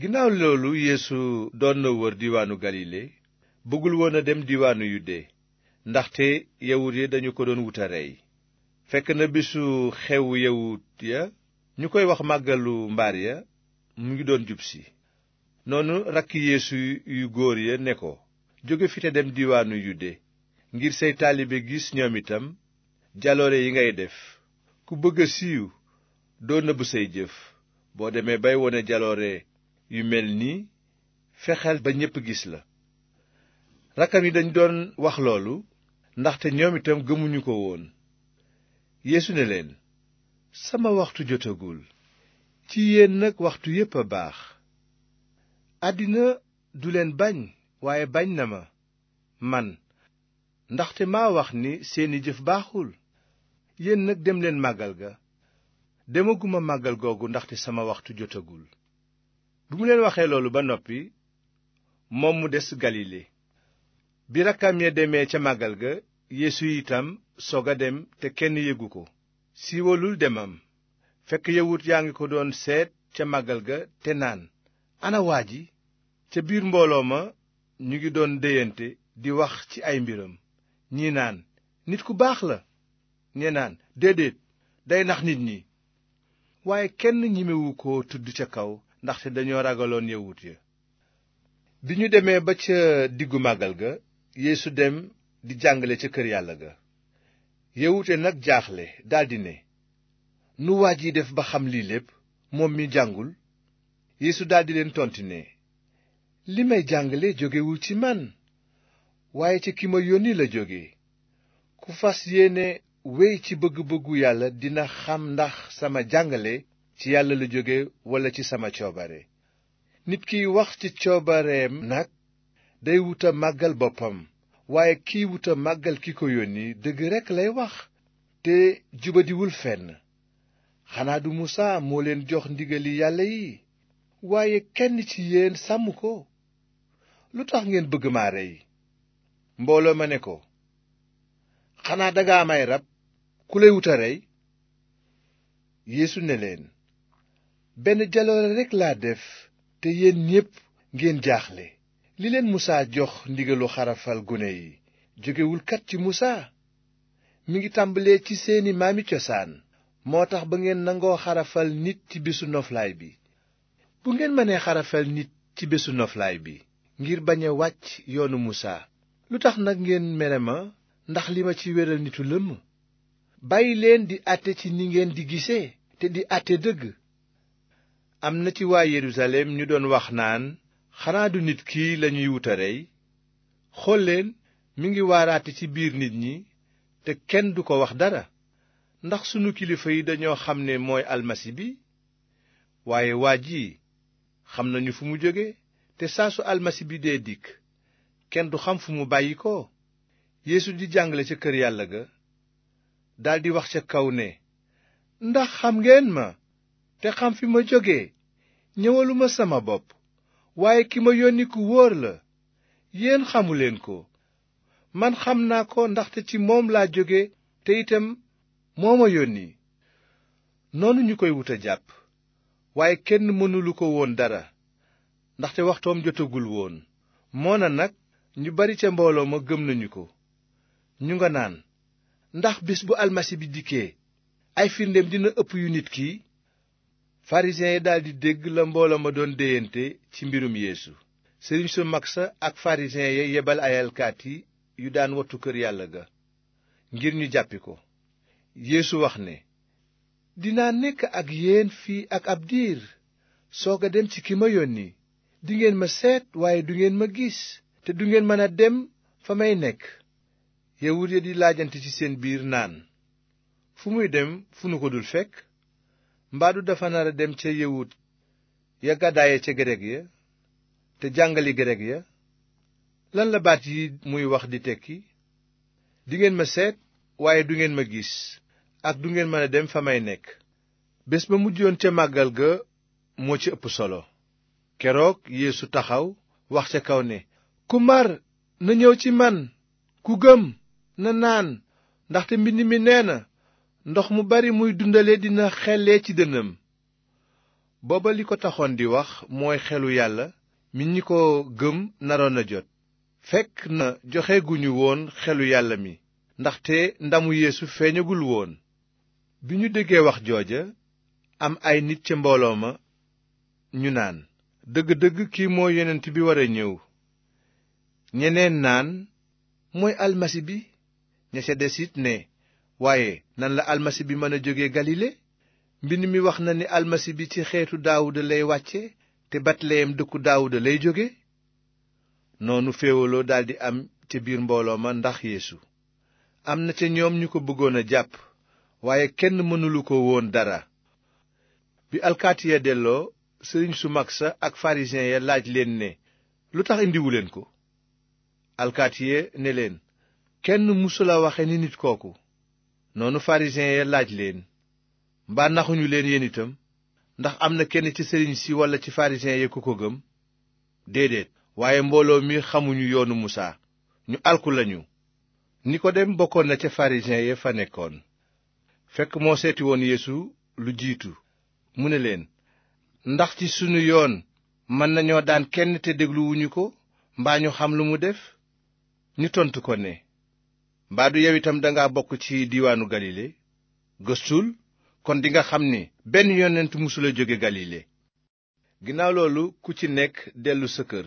ginnaaw loolu yéesu doon na wër diwaanu galile bëggul woon a dem diiwaanu yude ndaxte yawut ya dañu ko doon wuta rey fekk na bisu xew yawut ya ñu koy wax màggalu mbaar ya mu ngi doon jub si noonu rakki yeesu yu góor ya ne ko jóge fi te dem diiwaanu yude ngir say taalibe gis ñoom itam jaloore yi ngay def ku bëgg a siiw doo nëbb say jëf boo demee bay wone jaloore yu mel nii fexeel ba ñépp gis la rakkam yi dañ doon wax loolu ndaxte ñoom itam gëmuñu ko woon yeesu ne leen sama waxtu jotagul ci yéen nag waxtu yépp a baax àddina du leen bañ waaye bañ na ma man ndaxte maa wax ni seeni jëf baaxul yéen nag dem leen màggal ga demaguma màggal googu ndaxte sama waxtu jotagul bi mu leen waxee loolu ba noppi moom mu des galile bi rakkam ya demee ca màggal ga yeesu itam sog a dem te kenn yëgu ko siiwalul demam fekk yawut yaa ngi ko doon seet ca màggal ga te naan ana waa ji ca biir mbooloo ma ñu ngi doon déyante di wax ci ay mbiram ñi naan nit ku baax la ñe naan déedéet day nax nit ñi waaye kenn ñimewu ko tudd ca kaw ndaxte dañoo ragaloon yawut ya bi ñu demee ba ca diggu màggal ga yéesu dem di jàngale ca kër yàlla ga yawute nag jaaxle daldi ne nu waa ji def ba xam lii lépp moom mi jàngul yeesu daldi leen tontu ne li may jàngale jógewul ci man waaye ci ki ma yónni la jóge ku fas yéene wéy ci bëgg-bëggu yàlla dina xam ndax sama jàngale ci yàlla la jóge walla ci sama coobare nit kiy wax ci coobareem nag day wuta màggal boppam waaye kiy wuta màggal ki ko yónni dëgg rekk lay wax te jubadiwul fenn xanaa du Musaa moo leen jox ndigali yàlla yi waaye kenn ci yéen sàmm ko lu tax ngeen bëgg maa rey mbooloo ma ne ko xanaa danga am rab ku lay wuta rey Yeesu ne leen benn jaloore rekk laa def te yéen ñépp ngeen jaaxle li leen musaa jox ndigalu xarafal gune yi jógewul kat ci musaa mu ngi tàmbalee ci seeni maam maami cosaan moo tax ba ngeen nangoo xarafal nit ci bésu noflaay bi bu ngeen mënee xarafal nit ci bésu noflaay bi ngir bañ wàcc yoonu musaa lu tax nag ngeen mere ma ndax li ma ci wéral nitu lëmm bàyyi leen di àtte ci ni ngeen di gisee te di àtte dëgg am na ci waa Yerusalem ñu doon wax naan xanaa du nit kii lañuy wut a rey xool leen ngi waaraate ci biir nit ñi te kenn du ko wax dara ndax sunu kilifa yi dañoo xam ne mooy almasi bi waaye waa ji xam nañu fu mu jóge te saa su almasi bi dee dikk kenn du xam fu mu bàyyi ko yéesu di jàngale ca kër yàlla ga daldi wax ca kaw ne ndax xam ngeen ma te xam fi ma jóge ñëwaluma sama bopp waaye ki ma yónni ku wóor la yéen xamuleen ko man xam naa ko ndaxte ci moom laa jóge te itam moo ma yónni noonu ñu koy wut jàpp waaye kenn mënulu ko woon dara ndaxte waxtoom jotagul woon moona nag ñu bari ca mbooloo ma gëm nañu ko ñu nga naan ndax bis bu almasi bi dikkee ay firndeem dina ëpp yu nit ki farisiyen yi daldi dégg la mbooloo ma doon déyante ci mbirum yéesu sëriñ su mag sa ak farisiyen ya yebal ay alkaati yu daan wattu kër yàlla ga ngir ñu jàppi ko yéesu wax ne dinaa nekk ak yéen fii ak ab diir soog a dem ci ki ma yónni dingeen ma seet waaye du ngeen ma gis te du ngeen mën a dem fa may nekk yawut ya di laajante ci seen biir naan fu muy dem fu nu ko dul fekk mbaadu dafa nar a dem ca yawut ya gàddaaye ca grek ya te jàngali grek ya lan la baat yi muy wax di tekki dingeen ma seet waaye du ngeen ma gis ak du ngeen mën a dem fa may nekk bés ba mujjoon ca màggal ga moo ci ëpp solo keroog yéesu taxaw wax ca kaw ne ku mar na ñëw ci man ku gëm na naan ndaxte mbind mi nee na ndox mu bari muy dundale dina xellee ci dënnam booba li ko taxoon di wax mooy xelu yàlla mi ñi ko gëm naroon a jot fekk na joxeeguñu woon xelu yàlla mi ndaxte ndamu yéesu feeñagul woon bi ñu déggee wax jooja am ay nit ca mbooloo ma ñu naan dëgg-dëgg kii moo yonent bi war a ñëw ñeneen naan mooy almasi bi ña ca des it ne waaye nan la almasi bi mën a jóge galile mbind mi wax na ni almasi bi ci xeetu daawuda lay wàcce te betleyem dëkku daawuda lay jóge noonu féewaloo daldi am ca biir mbooloo ma ndax yeesu am na ca ñoom ñu ko bëggoon a jàpp waaye kenn mënulu ko woon dara bi alkaati ya delloo sëriñ su mag sa ak farisiyen ya laaj leen ne lu tax leen ko alkaati ya ne leen kenn musula waxe ni nit kooku noonu farisiyen ya laaj leen mbaa naxuñu leen yéen itam ndax am na kenn ci sëriñ si walla ci farisiyen yi ku ko gëm déedéet waaye mbooloo mi xamuñu yoonu musaa ñu alku lañu dem bokkoon na ca farisiyen ya fa nekkoon fekk moo seeti woon yéesu lu jiitu mu ne leen ndax ci sunu yoon mën nañoo daan kenn te dégluwuñu ko mbaa ñu xam lu mu def ñu tontu ko ne mbaa du yow itam danga bokk ci diiwaanu galile gëstul kon dinga xam ni benn yonent mësula jóge galile ginnaaw loolu ku ci nekk dellu sa kër